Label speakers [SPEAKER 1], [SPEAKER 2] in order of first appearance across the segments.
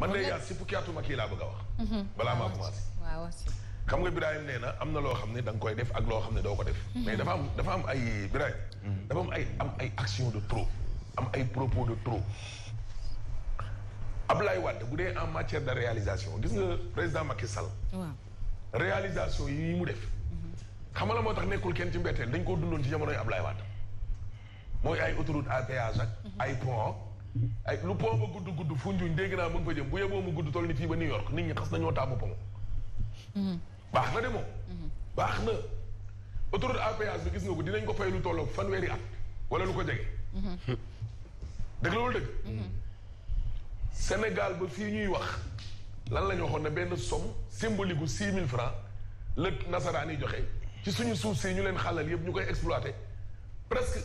[SPEAKER 1] man léegi daal si pukkiatu ma kii laa bëgg a wax. Mhm. balaa maa commencé. waaw xam nga Birahim nee na am na loo xam ne danga koy def ak loo xam ne doo ko def. Mhm. mais dafa am dafa am ay Birahim. Mhm. dafa am ay am ay action de trop. am ay propos de trop. Ablaye Wade bu dee en matière de réalisation gis nga président Macky Sall. réalisation yi mu def. xam nga la moo tax nekkul kenn ci mbetteel dañ koo dundoon ci jamonoy Ablaye Wade mooy ay autoroute a péage ak ay pont. ay lu pont ba gudd gudd Foundiougne dégg naa mu ngi fa jëm bu yeboo mu gudd toll ni fii ba New York nit ñi xas nañoo taamu pont. Mm-hmm. baax na de moom. Mm-hmm. baax na autoroute à péage bi gis nga ko dinañ ko fay lu tolloo fanweeri at wala lu ko jege. Mm-hmm. dëgg loolu dëgg. Sénégal ba fii ñuy wax lan la waxoon ne benn somme symbolique gu six mille francs la nasaraan yi joxe ci suñu suuf si ñu leen xalal yëpp ñu koy exploité presque.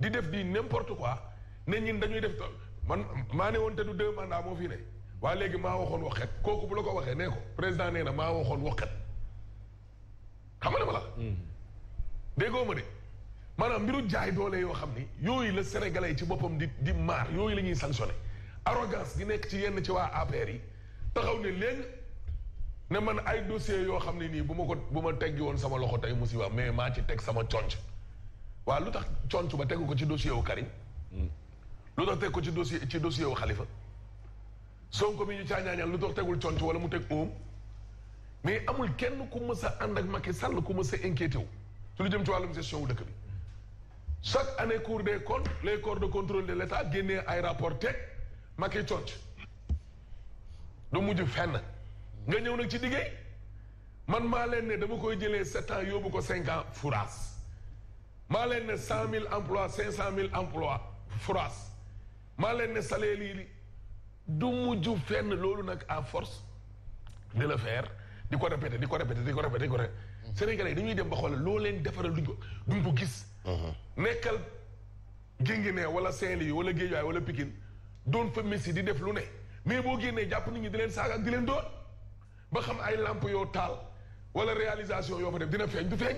[SPEAKER 1] di def di n'importe quoi ne ñin dañuy def tool man maa ne woon te du deux mandats moo fii ne waa léegi maa waxoon waxet kooku bu la ko waxee nee ko président nee na maa waxoon waxet xam nga ma la. Hmm. déggoo ma de maanaam mbiru jaay doole yoo xam ni yooyu la sénégalais yi ci boppam di di maar yooyu la ñuy sanctionné arrogance gi nekk ci yenn ci waa APR yi taxaw ne léegi ne man ay dossier yoo xam ne nii bu ma ko bu ma teggi woon sama loxo tey musiba mais maa ci teg sama conc waa lu tax conc ba tegu ko ci dossier wu Karim hmm. lu tax teg ko ci dossier ci dossier xalifa Khalifa Sonko mi ñu caañaañal lu tax tegul conc wala mu teg oom mais amul kenn ku mësa ànd ak Macky Sall ku mës a inquiété wu ci lu jëm ci wàllum gestion wu dëkk année cour des comptes les corps de contrôle de l' état génnee ay rapport teg Macky conc mujj fenn nga ñëw nag ci diggéey man maa leen ne dama koy jëlee sept ans yóbbu ko cinq ans furaas maa leen ne cent mille emplois cinq cent mille emplois froisse maa leen ne lii yi du mujj fenn loolu nag à force de le faire di ko répété di ko répété di ko répété ko répété Sénégalais yi dañuy dem ba xool loo leen defaral duñ ko duñ ko gis mhm. nekkal Guinguinéo wala Saint-Louis wala Guédiawaye wala Pikine doon fa Messi di def lu ne mais boo génnee jàpp nit ñi di leen saaga ak di leen doon ba xam ay lamp yoo taal wala réalisation yoo fa def dina feeñ du feeñ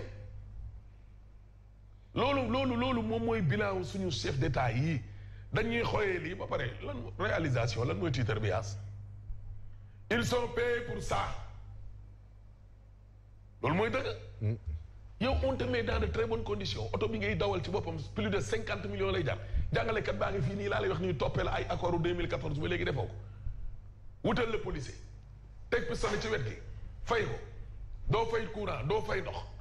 [SPEAKER 1] loolu loolu loolu mom moy bilan suñu chef d'état yi dañuy xoyé li ba paré lan réalisation lan moy titre bias ils sont payés pour ça loolu moy deug mm-hmm. yow on te met dans de très bonnes conditions auto bi ngay dawal ci bopam plus de 50 millions lay jar jangale kat ngi fii nii la lay wax ni toppee ay accordu 2014 ba légui defoko ko wutal le policier teg pistolet ci wet gi fay ko do fay courant do fay ndox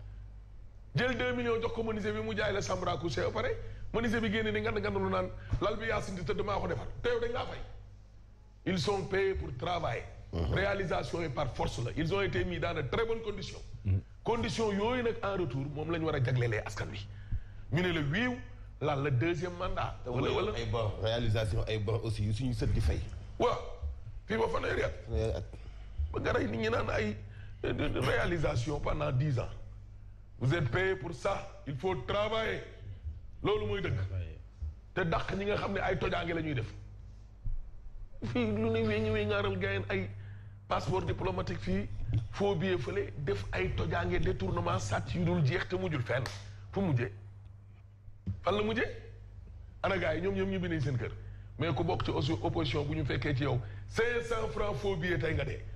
[SPEAKER 1] jël 2 millions jox ko menuisier bi mu jaay la chambre à coucher ba menuisier bi génne ni nga ne lu nan lal bi yassine si te damaa ko defar te yow dañ la fay. ils sont payés pour travailler. Mhm. réalisation est par force là ils ont été mis dans de très bonnes conditions. Mhm. conditions yoy nak en retour mom lañ wara war a askan bi ñu ne le wiiw lan le deuxième mandat. wala wala ay bon réalisation ay bon aussi yu suñu sët di fay. waaw fii ba fanweeri at. fanweeri ba nga rey nit ñi nan ay euh, réalisation pendant 10 ans. vous êtes payé pour sax il faut travailler loolu mooy dëgg te dax ñi nga xam ne ay tojaange la ñuy def fii lu ne wee ñëwee ngaaral gayen ay passeport diplomatique fii faux billet fële def ay tojaange détournement sàcc yu dul jeex te mujjul fenn fu mujjee fan la mujjee ana gars yi ñoom ñoom ñibbi nañ seen kër mais ku bokk ci aussi opposition bu ñu fekkee ci yow cinq cent francs faux tey nga dee